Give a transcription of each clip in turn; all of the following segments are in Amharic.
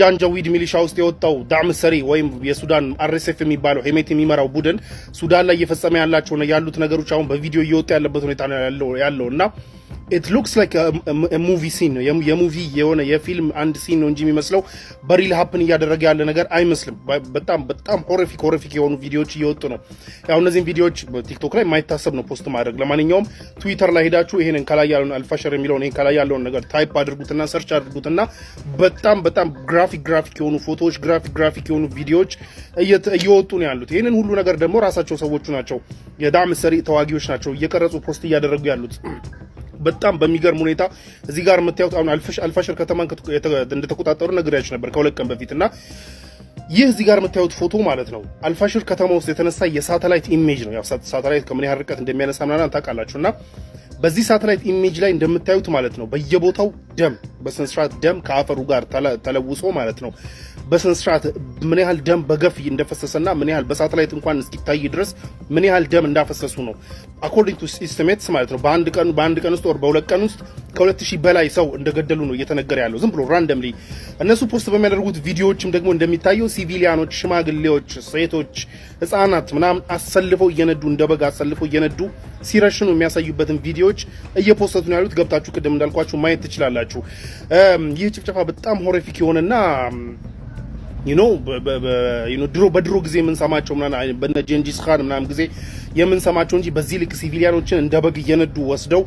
ጃንጃዊድ ሚሊሻ ውስጥ የወጣው ዳዕም ሰሪ ወይም የሱዳን አርኤስኤፍ የሚባለው ሄሜት የሚመራው ቡድን ሱዳን ላይ እየፈጸመ ያላቸው ያሉት ነገሮች አሁን በቪዲዮ እየወጣ ያለበት ሁኔታ ያለው እና ኢት ሉክስ ላይክ ሙቪ ሲን ነው የሙቪ የሆነ የፊልም አንድ ሲን ነው እንጂ የሚመስለው በሪል ሀፕን እያደረገ ያለ ነገር አይመስልም። በጣም በጣም ሆሪፊክ ሆሪፊክ የሆኑ ቪዲዮዎች እየወጡ ነው። ያው እነዚህም ቪዲዮዎች ቲክቶክ ላይ የማይታሰብ ነው ፖስት ማድረግ። ለማንኛውም ትዊተር ላይ ሄዳችሁ ይሄንን ከላይ ያለውን አልፋሸር የሚለውን ይሄን ከላይ ያለውን ነገር ታይፕ አድርጉትና ሰርች አድርጉትና በጣም በጣም ግራፊክ ግራፊክ የሆኑ ፎቶዎች፣ ግራፊክ ግራፊክ የሆኑ ቪዲዮዎች እየወጡ ነው ያሉት። ይህንን ሁሉ ነገር ደግሞ ራሳቸው ሰዎቹ ናቸው የዳዕም ሰሪ ተዋጊዎች ናቸው እየቀረጹ ፖስት እያደረጉ ያሉት። በጣም በሚገርም ሁኔታ እዚህ ጋር የምታዩት አሁን አልፋሽር ከተማን እንደተቆጣጠሩ ነግሬያችሁ ነበር ከሁለት ቀን በፊት እና ይህ እዚህ ጋር የምታዩት ፎቶ ማለት ነው አልፋሽር ከተማ ውስጥ የተነሳ የሳተላይት ኢሜጅ ነው። ያው ሳተላይት ከምን ያህል ርቀት እንደሚያነሳ ምናምን ታውቃላችሁ እና በዚህ ሳተላይት ኢሜጅ ላይ እንደምታዩት ማለት ነው በየቦታው ደም በስነስርዓት ደም ከአፈሩ ጋር ተለውሶ ማለት ነው በስነ ስርዓት ምን ያህል ደም በገፍ እንደፈሰሰና ምን ያህል በሳተላይት እንኳን እስኪታይ ድረስ ምን ያህል ደም እንዳፈሰሱ ነው። አኮርዲንግ ቱ ኢስቲሜትስ ማለት ነው በአንድ ቀን በአንድ ቀን ውስጥ ወር በሁለት ቀን ውስጥ ከሁለት ሺህ በላይ ሰው እንደገደሉ ነው እየተነገረ ያለው ዝም ብሎ ራንደምሊ። እነሱ ፖስት በሚያደርጉት ቪዲዮዎችም ደግሞ እንደሚታየው ሲቪሊያኖች፣ ሽማግሌዎች፣ ሴቶች፣ ህጻናት ምናምን አሰልፈው እየነዱ እንደ በግ አሰልፈው እየነዱ ሲረሽኑ የሚያሳዩበትን ቪዲዮዎች እየፖስተቱ ነው ያሉት። ገብታችሁ ቅድም እንዳልኳችሁ ማየት ትችላላችሁ። ይህ ጭፍጨፋ በጣም ሆሪፊክ የሆነና ዩ ድሮ በድሮ ጊዜ የምንሰማቸው በነ ጀንጂስ ካን ምናምን ጊዜ የምንሰማቸው እንጂ በዚህ ልክ ሲቪሊያኖችን እንደ በግ እየነዱ ወስደው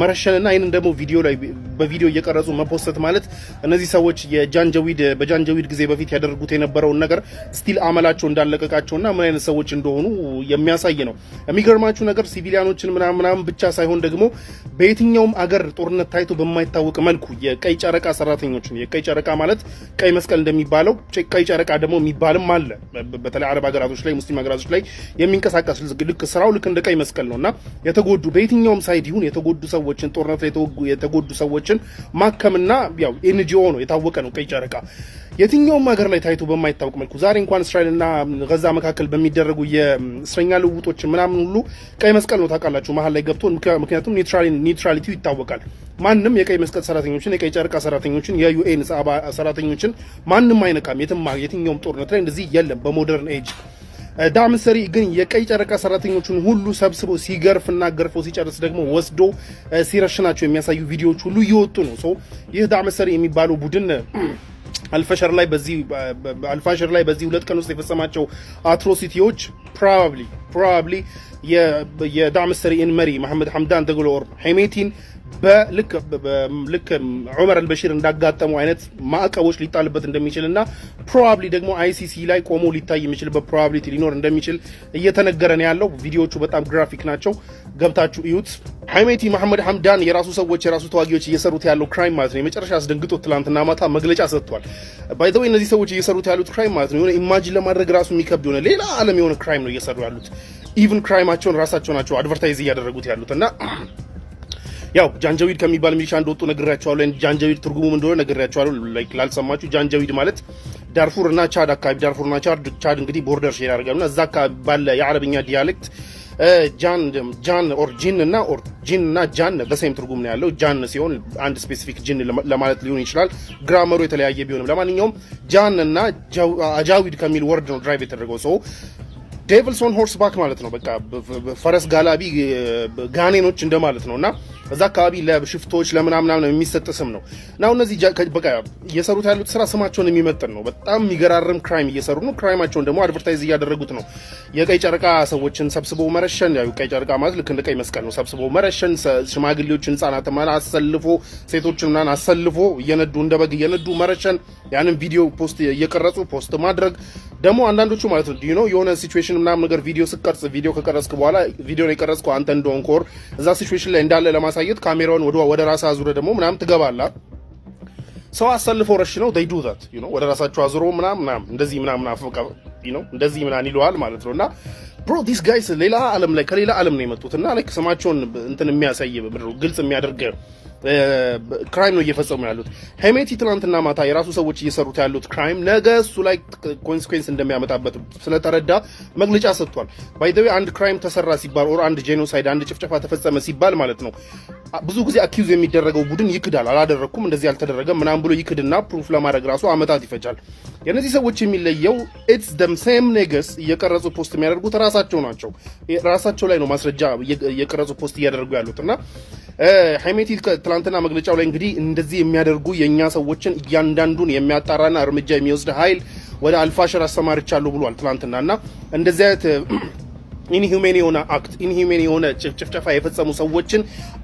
መረሸንና ይህንን ደግሞ ቪዲዮ ላይ በቪዲዮ እየቀረጹ መፖሰት ማለት እነዚህ ሰዎች የጃንጀዊድ በጃንጀዊድ ጊዜ በፊት ያደርጉት የነበረውን ነገር ስቲል አመላቸው እንዳለቀቃቸውና ምን አይነት ሰዎች እንደሆኑ የሚያሳይ ነው። የሚገርማችሁ ነገር ሲቪሊያኖችን ምናምን ምናምን ብቻ ሳይሆን ደግሞ በየትኛውም አገር ጦርነት ታይቶ በማይታወቅ መልኩ የቀይ ጨረቃ ሰራተኞችን የቀይ ጨረቃ ማለት ቀይ መስቀል እንደሚባለው ቀይ ጨረቃ ደግሞ የሚባልም አለ። በተለይ አረብ ሀገራቶች ላይ ሙስሊም ሀገራቶች ላይ የሚንቀሳቀስ ልክ ስራው ልክ እንደ ቀይ መስቀል ነው እና የተጎዱ በየትኛውም ሳይድ ይሁን የተጎዱ ሰዎችን ጦርነት ላይ የተጎዱ ሰዎችን ማከምና ያው ኤንጂኦ ነው የታወቀ ነው ቀይ ጨረቃ የትኛውም ሀገር ላይ ታይቶ በማይታወቅ መልኩ ዛሬ እንኳን እስራኤልና ገዛ መካከል በሚደረጉ የእስረኛ ልውውጦችን ምናምን ሁሉ ቀይ መስቀል ነው ታውቃላችሁ መሀል ላይ ገብቶ ምክንያቱም ኒውትራሊቲው ይታወቃል። ማንም የቀይ መስቀል ሰራተኞችን፣ የቀይ ጨርቃ ሰራተኞችን፣ የዩኤን ሰራተኞችን ማንም አይነካም። የትኛውም ጦርነት ላይ እንደዚህ የለም በሞደርን ኤጅ ዳም ሰሪ ግን የቀይ ጨረቃ ሰራተኞቹን ሁሉ ሰብስቦ ሲገርፍና ገርፎ ሲጨርስ ደግሞ ወስዶ ሲረሽናቸው የሚያሳዩ ቪዲዮዎች ሁሉ እየወጡ ነው። ሶ ይህ ዳም ሰሪ የሚባለው ቡድን አልፋሸር ላይ በዚህ አልፋሸር ላይ በዚህ ሁለት ቀን ውስጥ የፈጸማቸው አትሮሲቲዎች ፕሮባብሊ ፕሮባብሊ የዳዕም ሰሪኢን መሪ መሐመድ ሐምዳን ደግሎ ሄሜቲን ልክ ዑመር አልበሺር እንዳጋጠሙ አይነት ማዕቀቦች ሊጣልበት እንደሚችል እና ፕሮባብሊ ደግሞ አይሲሲ ላይ ቆሞ ሊታይ የሚችልበት ፕሮባብሊቲ ሊኖር እንደሚችል እየተነገረ ነው ያለው። ቪዲዮቹ በጣም ግራፊክ ናቸው፣ ገብታችሁ እዩት። ሐሜቲ መሐመድ ሐምዳን የራሱ ሰዎች የራሱ ተዋጊዎች እየሰሩት ያለው ክራይም ማለት ነው የመጨረሻ አስደንግጦት ትላንትና ማታ መግለጫ ሰጥቷል። ባይዘወይ እነዚህ ሰዎች እየሰሩት ያሉት ክራይም ማለት ነው የሆነ ኢማጂን ለማድረግ ራሱ የሚከብድ የሆነ ሌላ ዓለም የሆነ ክራይም ነው እየሰሩ ያሉት። ኢቭን ክራይማቸውን ራሳቸው ናቸው አድቨርታይዝ እያደረጉት ያሉት እና ያው ጃንጃዊድ ከሚባል ሚሊሻ እንደወጡ ነግሬያቸዋለሁ። ጃንጃዊድ ትርጉሙ እንደሆነ ነግሬያቸዋለሁ። ላይክ ላልሰማችሁ ጃንጃዊድ ማለት ዳርፉር እና ቻድ አካባቢ ዳርፉር እና ቻድ ቻድ እንግዲህ ቦርደር ሼር ያደርጋሉ እና እዛ አካባቢ ባለ የአረብኛ ዲያሌክት ጃን ጃን ኦር ጂን እና ኦር ጂን እና ጃን በሴም ትርጉም ነው ያለው። ጃን ሲሆን አንድ ስፔሲፊክ ጂን ለማለት ሊሆን ይችላል። ግራመሩ የተለያየ ቢሆንም ለማንኛውም ጃን እና አጃዊድ ከሚል ወርድ ነው ድራይቭ የተደረገው ሰው ዴቪልስ ኦን ሆርስ ባክ ማለት ነው። በቃ ፈረስ ጋላቢ ጋኔኖች እንደማለት ነው እና በዛ አካባቢ ለሽፍቶች ለምናምናም የሚሰጥ ስም ነው እና እነዚህ በቃ እየሰሩት ያሉት ስራ ስማቸውን የሚመጥን ነው። በጣም የሚገራርም ክራይም እየሰሩ ነው። ክራይማቸውን ደግሞ አድቨርታይዝ እያደረጉት ነው። የቀይ ጨረቃ ሰዎችን ሰብስቦ መረሸን፣ ያው ቀይ ጨረቃ ማለት ልክ እንደ ቀይ መስቀል ነው። ሰብስቦ መረሸን፣ ሽማግሌዎችን፣ ህጻናት ማለት አሰልፎ ሴቶችን ምናምን አሰልፎ እየነዱ እንደ በግ እየነዱ መረሸን፣ ያንን ቪዲዮ ፖስት እየቀረጹ ፖስት ማድረግ ደግሞ አንዳንዶቹ ማለት ነው ነው የሆነ ሲቹዌሽን ምናምን ነገር ቪዲዮ ስቀርጽ ቪዲዮ ከቀረጽክ በኋላ ቪዲዮ የቀረጽከው አንተ እንደሆንክ ወር እዛ ሲቹዌሽን ላይ እንዳለ ለማ ለማሳየት ካሜራውን ወደ ራስ አዙረ ደግሞ ምናምን ትገባላ። ሰው አሰልፈው ረሽ ነው ዱ ዛት ወደ ራሳቸው አዙሮ ምናም ምናም እንደዚህ ምናም ምናምን እንደዚህ ምናን ይለዋል ማለት ነው። እና ብሮ ዲስ ጋይስ ሌላ ዓለም ላይ ከሌላ ዓለም ነው የመጡት እና ስማቸውን እንትን የሚያሳይ ግልጽ የሚያደርግ ክራይም ነው እየፈጸሙ ያሉት። ሄሜቲ ትናንትና ማታ የራሱ ሰዎች እየሰሩት ያሉት ክራይም ነገ እሱ ላይ ኮንስኩዌንስ እንደሚያመጣበት ስለተረዳ መግለጫ ሰጥቷል። ባይ ዘ ዌይ አንድ ክራይም ተሰራ ሲባል ኦር አንድ ጄኖሳይድ አንድ ጭፍጨፋ ተፈጸመ ሲባል ማለት ነው ብዙ ጊዜ አኪዝ የሚደረገው ቡድን ይክዳል። አላደረግኩም፣ እንደዚህ ያልተደረገ ምናምን ብሎ ይክድና ፕሩፍ ለማድረግ ራሱ አመታት ይፈጃል። የእነዚህ ሰዎች የሚለየው ኢትስ ደም ሴም ኔገስ እየቀረጹ ፖስት የሚያደርጉት ራሳቸው ናቸው። ራሳቸው ላይ ነው ማስረጃ እየቀረጹ ፖስት እያደረጉ ያሉት እና ሃይሜቲ ትላንትና መግለጫው ላይ እንግዲህ እንደዚህ የሚያደርጉ የእኛ ሰዎችን እያንዳንዱን የሚያጣራና እርምጃ የሚወስድ ኃይል ወደ አልፋሽር አሰማርቻለሁ ብሏል ትላንትና እና እንደዚህ አይነት ኢንሁሜን የሆነ አክት ኢንሁሜን የሆነ ጭፍጨፋ የፈጸሙ ሰዎችን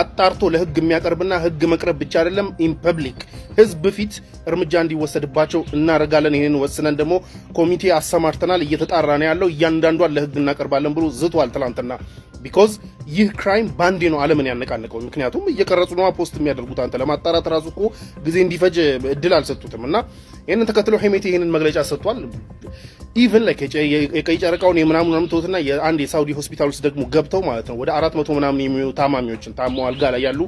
አጣርቶ ለህግ የሚያቀርብና ህግ መቅረብ ብቻ አይደለም፣ ፐብሊክ ህዝብ ፊት እርምጃ እንዲወሰድባቸው እናደርጋለን። ይህንን ወስነን ደግሞ ኮሚቴ አሰማርተናል፣ እየተጣራ ነው ያለው፣ እያንዳንዷን ለህግ እናቀርባለን ብሎ ዝቷል ትላንትና። ቢኮዝ ይህ ክራይም ባንዴ ነው አለምን ያነቃነቀው። ምክንያቱም እየቀረጹ ነዋ ፖስት የሚያደርጉት አንተ ለማጣራት ራሱ እኮ ጊዜ እንዲፈጅ እድል አልሰጡትም። እና ይህንን ተከትሎ ሄሜቴ ይህንን መግለጫ ሰጥቷል። ኢቨን ላይ የቀይ ጨረቃውን የምናምን ምናምን የአንድ የሳውዲ ሆስፒታል ውስጥ ደግሞ ገብተው ማለት ነው ወደ አራት መቶ ምናምን የሚሆኑ ታማሚዎችን ታሞ አልጋ ላይ ያሉ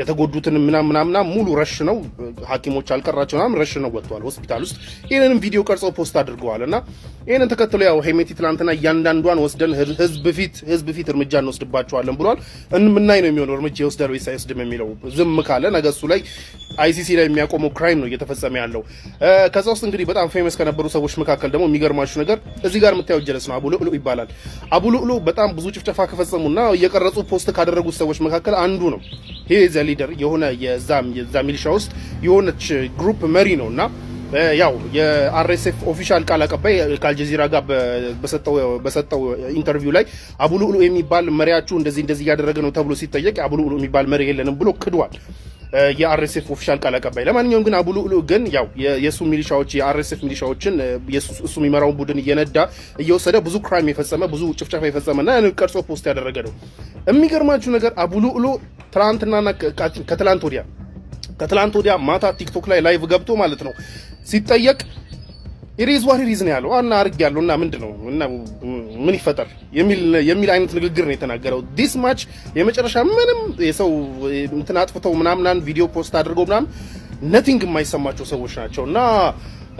የተጎዱትን ምናምን ምናምና ሙሉ ረሽ ነው ሐኪሞች አልቀራቸው ምናምን ረሽ ነው ወጥተዋል ሆስፒታል ውስጥ። ይህንንም ቪዲዮ ቀርጸው ፖስት አድርገዋል። እና ይህንን ተከትሎ ያው ሄሜቲ ትናንትና እያንዳንዷን ወስደን ህዝብ ፊት ህዝብ ፊት እርምጃ እንወስድባቸዋለን ብሏል። እንምናይ ነው የሚሆነው እርምጃ ይወስዳል ወይስ አይወስድም የሚለው ዝም ካለ ነገ እሱ ላይ አይሲሲ ላይ የሚያቆመው ክራይም ነው እየተፈጸመ ያለው። ከዛ ውስጥ እንግዲህ በጣም ፌመስ ከነበሩ ሰዎች መካከል ደግሞ የሚገርማ የሚገርማችሁ ነገር እዚህ ጋር የምታየው ጀለስ ነው። አቡ ይባላል። አቡልዕሉ በጣም ብዙ ጭፍጨፋ ከፈጸሙና የቀረጹ ፖስት ካደረጉት ሰዎች መካከል አንዱ ነው። ይሄ ዘ ሊደር የሆነ የዛ ሚሊሻ ውስጥ የሆነች ግሩፕ መሪ ነውና ያው የአርኤስኤፍ ኦፊሻል ቃል አቀባይ ከአልጀዚራ ጋር በሰጠው ኢንተርቪው ላይ አቡልዕሉ የሚባል መሪያችሁ እንደዚህ እንደዚህ እያደረገ ነው ተብሎ ሲጠየቅ አቡ የሚባል መሪ የለንም ብሎ ክዷል። የአርኤስኤፍ ኦፊሻል ቃል አቀባይ። ለማንኛውም ግን አቡ ሉዕሉዕ ግን ያው የእሱ ሚሊሻዎች የአርኤስኤፍ ሚሊሻዎችን እሱ የሚመራውን ቡድን እየነዳ እየወሰደ ብዙ ክራይም የፈጸመ ብዙ ጭፍጨፋ የፈጸመና ቀርጾ ፖስት ያደረገ ነው። የሚገርማችሁ ነገር አቡ ሉዕሉዕ ትናንትናና ከትላንት ወዲያ ከትላንት ወዲያ ማታ ቲክቶክ ላይ ላይቭ ገብቶ ማለት ነው ሲጠየቅ ኢሪዝ ዋት ኢሪዝ ነው ያለው አና አርግ ያለው እና ምንድን ነው እና ምን ይፈጠር የሚል የሚል አይነት ንግግር ነው የተናገረው። ዲስ ማች የመጨረሻ ምንም የሰው እንትን አጥፍተው ምናምናን ቪዲዮ ፖስት አድርገው ምናምን ነቲንግ የማይሰማቸው ሰዎች ናቸው እና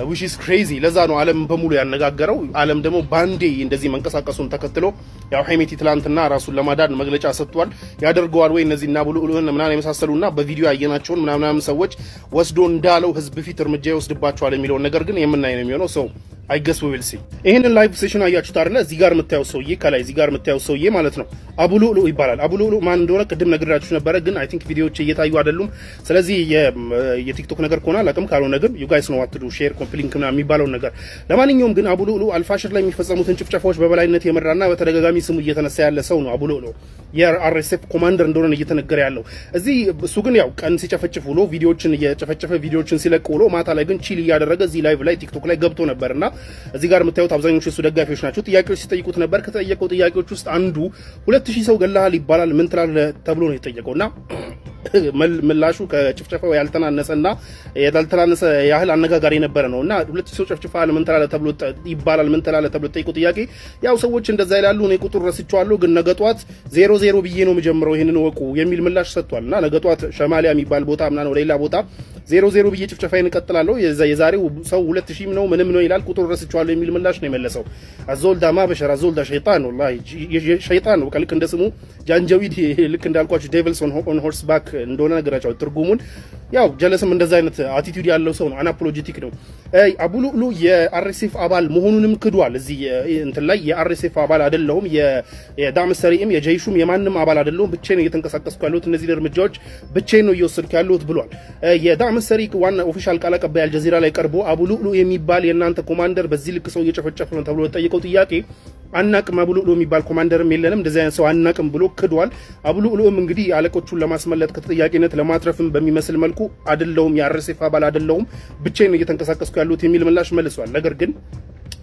ዊች ኢዝ ክሬዚ። ለዛ ነው ዓለም በሙሉ ያነጋገረው። ዓለም ደግሞ ባንዴ እንደዚህ መንቀሳቀሱን ተከትሎ ያው ሄሜቲ ትላንትና ራሱን ለማዳን መግለጫ ሰጥቷል። ያደርገዋል ወይ እነዚህ እና ብሎ ምናምን የመሳሰሉና በቪዲዮ ያየናቸውን ምናምናም ሰዎች ወስዶ እንዳለው ህዝብ ፊት እርምጃ ይወስድባቸዋል የሚለውን ነገር ግን የምናይ ነው የሚሆነው ሰው አይገስ ዊል ሲ። ይሄንን ላይቭ ሴሽን አያችሁት አይደለ? እዚህ ጋር የምታየው ሰውዬ ከላይ እዚህ ጋር የምታየው ሰውዬ ማለት ነው አቡሉሉ ይባላል። አቡሉሉ ማን እንደሆነ ቅድም ነግራችሁ ነበረ፣ ግን አይ ቲንክ ቪዲዮዎች እየታዩ አይደሉም። ስለዚህ የቲክቶክ ነገር ከሆነ አላቅም፣ ካልሆነ ግን ዩ ጋይስ ነው አትዱ ሼር ኮምፕሊንክ ምናምን የሚባለውን ነገር። ለማንኛውም ግን አቡሉሉ ሉሉ አልፋሽር ላይ የሚፈጸሙትን ጭፍጨፋዎች በበላይነት የመራና በተደጋጋሚ ስሙ እየተነሳ ያለ ሰው ነው። አቡሉሉ ሉሉ የአርኤስኤፍ ኮማንደር እንደሆነ እየተነገረ ያለው እዚህ። እሱ ግን ያው ቀን ሲጨፈጭፍ ውሎ ቪዲዮዎችን እየጨፈጨፈ ቪዲዮዎችን ሲለቅ ውሎ ማታ ላይ ግን ቺል እያደረገ እዚህ ላይቭ ላይ ቲክቶክ ላይ ገብቶ ነበርና እዚህ ጋር የምታዩት አብዛኞቹ የሱ ደጋፊዎች ናቸው። ጥያቄዎች ሲጠይቁት ነበር። ከተጠየቀው ጥያቄዎች ውስጥ አንዱ ሁለት ሺህ ሰው ገላሃል ይባላል ምን ትላለህ ተብሎ ነው የተጠየቀው እና ምላሹ ከጭፍጨፋው ያልተናነሰና ያልተናነሰ ያህል አነጋጋሪ የነበረ ነው እና ሁለት ሰው ጨፍጭፈሃል ምን ትላለህ ተብሎ ይባላል ምን ትላለህ ተብሎ ተጠይቁ ጥያቄ ያው ሰዎች እንደዛ ይላሉ። እኔ ቁጥር ረስቼዋለሁ፣ ግን ነገጧት ዜሮ ዜሮ ብዬ ነው የምጀምረው ይህንን ወቁ የሚል ምላሽ ሰጥቷል እና ነገ ሸማሊያ የሚባል ቦታ ምናምን ወደ ሌላ ቦታ ዜሮ ዜሮ ብዬ ጭፍጨፋዬን እቀጥላለሁ። የዛሬው ሰው ሁለት ሺህም ነው ምንም ነው ይላል። ቁጥር ረስቼዋለሁ የሚል ምላሽ ነው የመለሰው። አዞልዳ ማበሸር አዞልዳ ሸይጣን ወላሂ ሸይጣን ነው። ልክ እንደ ስሙ ጃንጀዊድ፣ ልክ እንዳልኳችሁ ዴቪልስ ኦን ሆርስ ባክ እንደሆነ ነገራቸው ትርጉሙን። ያው ጀለስም እንደዛ አይነት አቲቲዩድ ያለው ሰው ነው። አናፖሎጂቲክ ነው። አቡ የአርኤስኤፍ አባል መሆኑንም ክዷል። እዚህ እንትን ላይ የአርኤስኤፍ አባል አይደለሁም፣ የዳም ሰሪም የጀይሹም የማንም አባል አይደለሁም፣ ብቻዬን ነው እየተንቀሳቀስኩ ያለሁት፣ እነዚህን እርምጃዎች ብቻዬን ነው እየወሰድኩ ያለሁት ብሏል። የዳም የምትሰሪ ዋና ኦፊሻል ቃል አቀባይ አልጀዚራ ላይ ቀርቦ አቡ የሚባል የእናንተ ኮማንደር በዚህ ልክ ሰው እየጨፈጨፈ ነው ተብሎ ተጠይቀው ጥያቄ አናቅም አቡ ሉሉ የሚባል ኮማንደርም የለንም እንደዚህ አይነት ሰው አናቅም ብሎ ክዷል። አቡ ሉሉም እንግዲህ አለቆቹን ለማስመለጥ ከተጠያቂነት ለማትረፍም በሚመስል መልኩ አደለውም የአርሴፍ አባል አደለውም ብቻዬን እየተንቀሳቀስኩ ያሉት የሚል ምላሽ መልሷል። ነገር ግን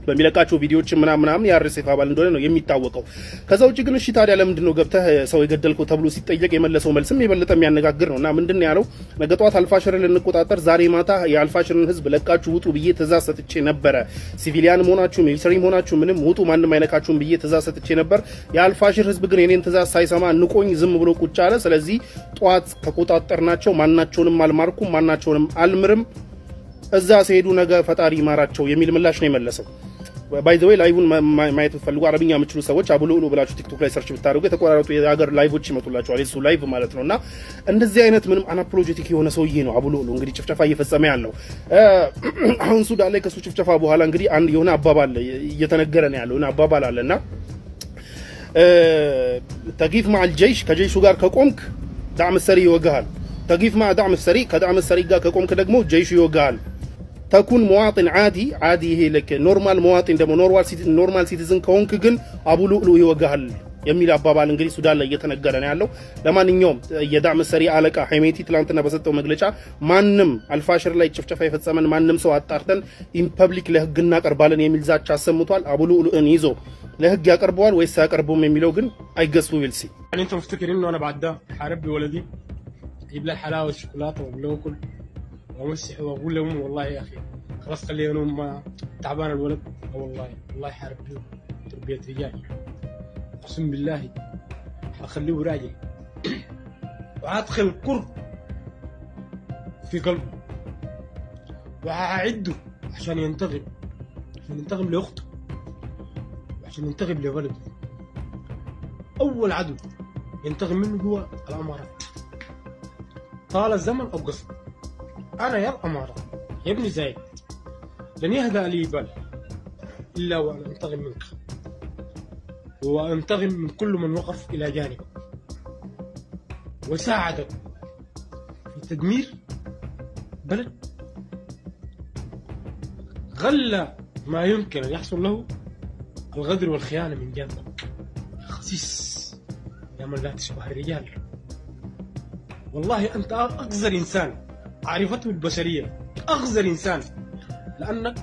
በሚለቃቸው ቪዲዮዎች ምናምን ምናምን የአርሴፍ አባል እንደሆነ ነው የሚታወቀው። ከዛ ውጭ ግን እሺ ታዲያ ለምንድን ነው ገብተህ ሰው የገደልከው ተብሎ ሲጠየቅ የመለሰው መልስም የበለጠ የሚያነጋግር ነው እና ምንድን ነው ያለው? ነገ ጠዋት አልፋሽርን ልንቆጣጠር ዛሬ ማታ የአልፋሽርን ህዝብ ለቃችሁ ውጡ ብዬ ትእዛዝ ሰጥቼ ነበረ። ሲቪሊያን መሆናችሁ ሚሊተሪ መሆናችሁ ምንም ውጡ፣ ማንም አይነካችሁም ብዬ ትእዛዝ ሰጥቼ ነበር። የአልፋሽር ህዝብ ግን የኔን ትእዛዝ ሳይሰማ ንቆኝ ዝም ብሎ ቁጭ አለ። ስለዚህ ጠዋት ተቆጣጠርናቸው። ማናቸውንም አልማርኩም፣ ማናቸውንም አልምርም እዛ ሲሄዱ ነገ ፈጣሪ ይማራቸው የሚል ምላሽ ነው የመለሰው። ባይ ዘ ወይ ላይቭን ማየት ብትፈልጉ አረብኛ የምችሉ ሰዎች አቡ ብላችሁ ቲክቶክ ላይ ሰርች ብታደርጉ የተቆራረጡ የሀገር ላይቮች ይመጡላችኋል። የሱ ላይቭ ማለት ነው። እና እንደዚህ አይነት ምንም አናፖሎጂቲክ የሆነ ሰውዬ ነው አቡ እንግዲህ ጭፍጨፋ እየፈጸመ ያለው። አሁን ሱዳን ላይ ከሱ ጭፍጨፋ በኋላ እንግዲህ አንድ የሆነ አባባል እየተነገረ ነው ያለው አባባል አለ እና ተጊፍ ማዓል ጀይሽ ከጀይሹ ጋር ከቆምክ ዳዕም ሰሪ ይወግሃል። ተጊፍ ማ ዳዕም ሰሪ ከዳዕም ሰሪ ጋር ከቆምክ ደግሞ ጀይሹ ይወግሃል። ተኩን መዋጥን ዓዲ ዓዲ ይሄ ልክ ኖርማል መዋጥን ደግሞ ኖርማል ሲቲዝን ከሆንክ ግን አቡ ሉዕሉ ይወጋሃል የሚል አባባል እንግዲህ ሱዳን ላይ እየተነገረ ነው ያለው። ለማንኛውም የዳዕም ሰሪ አለቃ ሐሜቲ ትላንትና በሰጠው መግለጫ ማንም አልፋሽር ላይ ጭፍጨፋ የፈጸመን ማንም ሰው አጣርተን ኢንፐብሊክ ለህግ እናቀርባለን የሚል ዛቻ አሰምቷል። አቡ ሉዕሉዕን ይዞ ለህግ ያቀርበዋል ወይስ አያቀርቡም የሚለው ግን አይገሱ ዊልሲ ሀረቢ ወለዲ ይብላ وامسح واقول لامي والله يا اخي خلاص خلينا ما تعبان الولد والله والله حارب تربيه رجال اقسم بالله حخليه راجل وحادخل كرب في قلبه واعده عشان ينتقم عشان ينتقم لاخته وعشان ينتقم لولده اول عدو ينتقم منه هو الامارات طال الزمن او قصر أنا يا الأمارة يا ابن زايد لن يهدأ لي بال إلا وأن أنتقم منك وأنتقم من كل من وقف إلى جانبك وساعدك في تدمير بلد غل ما يمكن أن يحصل له الغدر والخيانة من جانبك خسيس يا من لا تشبه الرجال والله أنت أقذر إنسان عرفته البشرية أخزى الإنسان لأنك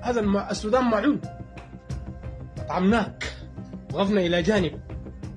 هذا السودان معون أطعمناك وقفنا إلى جانبك